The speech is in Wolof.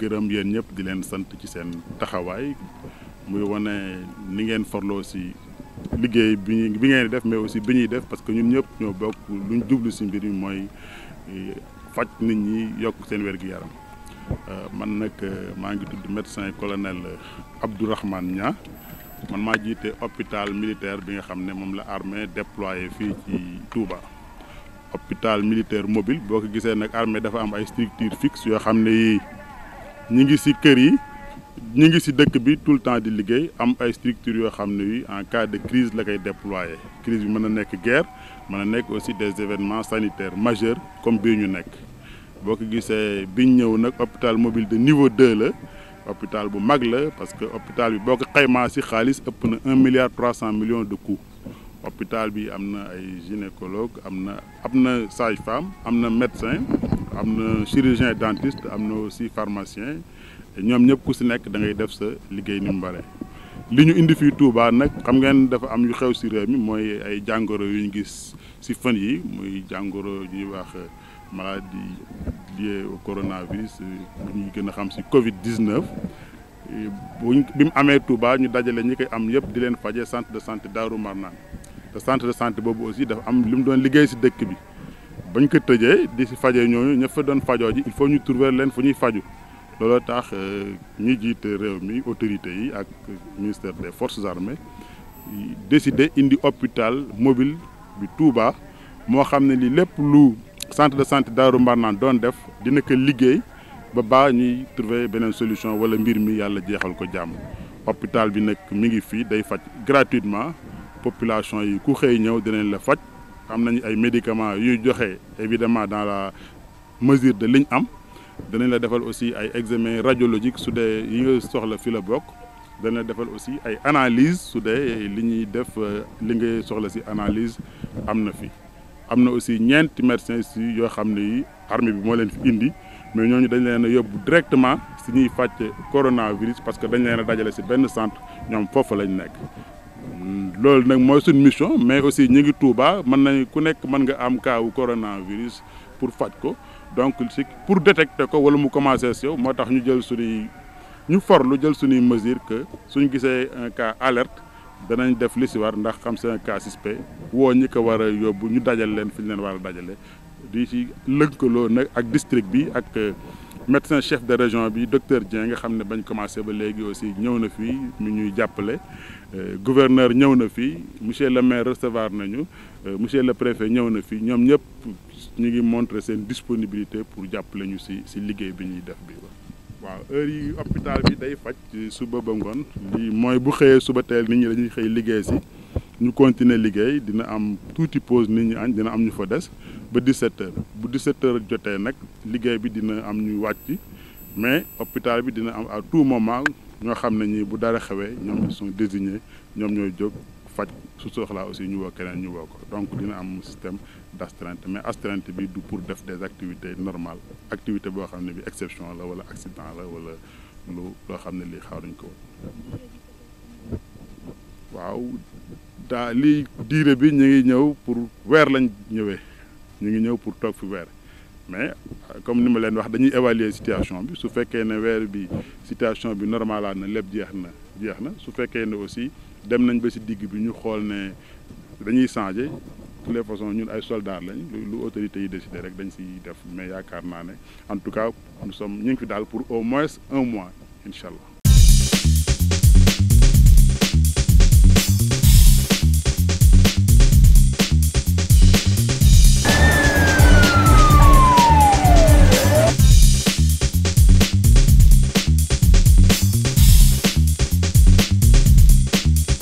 gërëm yéen ñëpp di leen sant ci seen taxawaay muy wane li ngeen farloo si liggéey bi ñu bi ngeen def mais aussi bi ñuy def parce que ñun ñëpp ñoo bokk lu ñu jublu si mbir mi mooy eh, faj nit ñi yokk seen wér-gu-yaram euh, man nag euh, maa ngi tudd médecin colonel euh, Abdourahmane ña man maa jiite hôpital militaire bi nga xam ne moom la armée déployé fii ci Touba. hôpital militaire mobile boo ko gisee nag armée dafa am ay structure fixe yoo xam ne yii ñu ngi ci kër yi ñu ngi ci dëkk bi tout le temps di liggéey am ay structures yoo xam ne yi en cas de crise la koy déployer crise bi mën na nekk guerre mën a nekk aussi des événements sanitaires majeurs comme bii ñu nekk boo ko gisee biñ ñëw nag hôpital mobile de niveau 2 la hôpital bu mag la parce que hôpital bi boo ko xaymaa xaalis ëpp na un milliard trois cent millions de coût hôpital bi am na ay gynécologue am na am na sage-femme am na médecin am na chirurgien dentiste am na aussi pharmacien ñoom ñëpp ku si nekk da ngay def sa liggéey ni mu bare li ñu indi fii Touba nag xam ngeen dafa am yu xew si réew mi mooy ay jàngoro yu ñu gis si fan yi muy jàngoro ñuy wax maladie liée au coronavirus ñu gën a xam si Covid 19. buñ bi mu amee Touba ñu dajale ñu koy am yëpp di leen faje centre de santé Daaru Marnaan te centre de santé boobu aussi dafa am li mu doon liggéey si dëkk bi bañ ko tëjee di si fajee ñooñu ña fa doon fajoo ji il faut ñu trouver leen fu ñuy faju looloo tax euh, ñi jiite réew mi autorité yi ak ministère des forces armées décidé indi hopital mobile bi Touba moo xam ne li lépp lu centre de santé Daaru Mbarnaan doon def dina ko liggéey ba baa ñuy trouver beneen solution wala mbir mi yàlla jeexal ko jàmm hôpital bi nag mi ngi fii day faj gratuitement population yi ku xëy ñëw dinañ la faj am nañu ay médicaments yuy joxe évidemment dans la mesure de liñ am danañ la defal aussi ay examen radiologique su dee yi nga soxla fi la bokk danañ la defal aussi ay analyse su dee li ñuy def euh, li nga soxla si analyse am na fi am na aussi ñeenti médecins si yoo xam ne yi armée bi moo leen fi indi mais ñooñu dañ leen a yóbbu directement si ñuy fàcce coronavirus parce que dañu leen dajale si benn centre ñoom foofu lañ nekk loolu nag mooy suñ mission mais aussi ñu ngi Touba mën nañ ku nekk mën nga am kaawu coronavirus pour faj ko donc si pour détecter ko wala mu commencé si yow moo tax ñu jël suñuy ñu for lu jël suñuy mesure que suñ gisee un cas alerte danañ def li si war ndax xam seen un cas suspect woo ñi ko wara yóbbu ñu dajal leen fi ñu leen wara a dajale di si lëkkaloo nag ak district bi ak médecin chef de région bi docteur Dieng nga xam ne bañ commencé ba léegi aussi ñëw na fii mu ñuy jàppale euh, gouverneur ñëw na fii monsieur le maire recevoir nañu euh, monsieur le préfet ñëw na fii ñoom ñëpp ñu ngi montrer seen disponibilité pour jàppale ñu si si liggéey bi ñuy def bi waaw heure yi hôpital bi day faj suba ba ngoon lii mooy bu xëyee suba teel nit ñi dañuy xëy liggéey si ñu continuer liggéey dina am tuuti pose nit ñi añ dina am ñu fa des ba di heures bu 17 heures jotee nag liggéey bi dina am ñuy wàcc mais hôpital bi dina am à tout moment ñoo xam ne ñi bu dara xewee ñoom ils sont désignés ñoom ñooy jóg faj su soxlaa aussi ñu woo keneen ñu woo ko donc dina am système d' astreinte mais astreinte bi du pour def des activités normales activité boo xam ne bi exception la wala accident la wala lu loo xam ne lii xaaruñ ko woon waaw daa lii diire bi ñu ngi ñëw pour weer lañ ñëwee ñu ngi ñëw pour toog fi weer mais comme ni ma leen wax dañuy évaluer situation bi su fekkee ne weer bi situation bi normalaat na lépp jeex na jeex na su fekkee ne aussi dem nañ ba ci digg bi ñu xool ne dañuy changer de toutes les ñun ay soldats lañ lu autorité yi décider rek dañ ciy def mais yaakaar naa ne en tout cas nous sommes ñu ngi fi daal pour au moins un mois incha allah.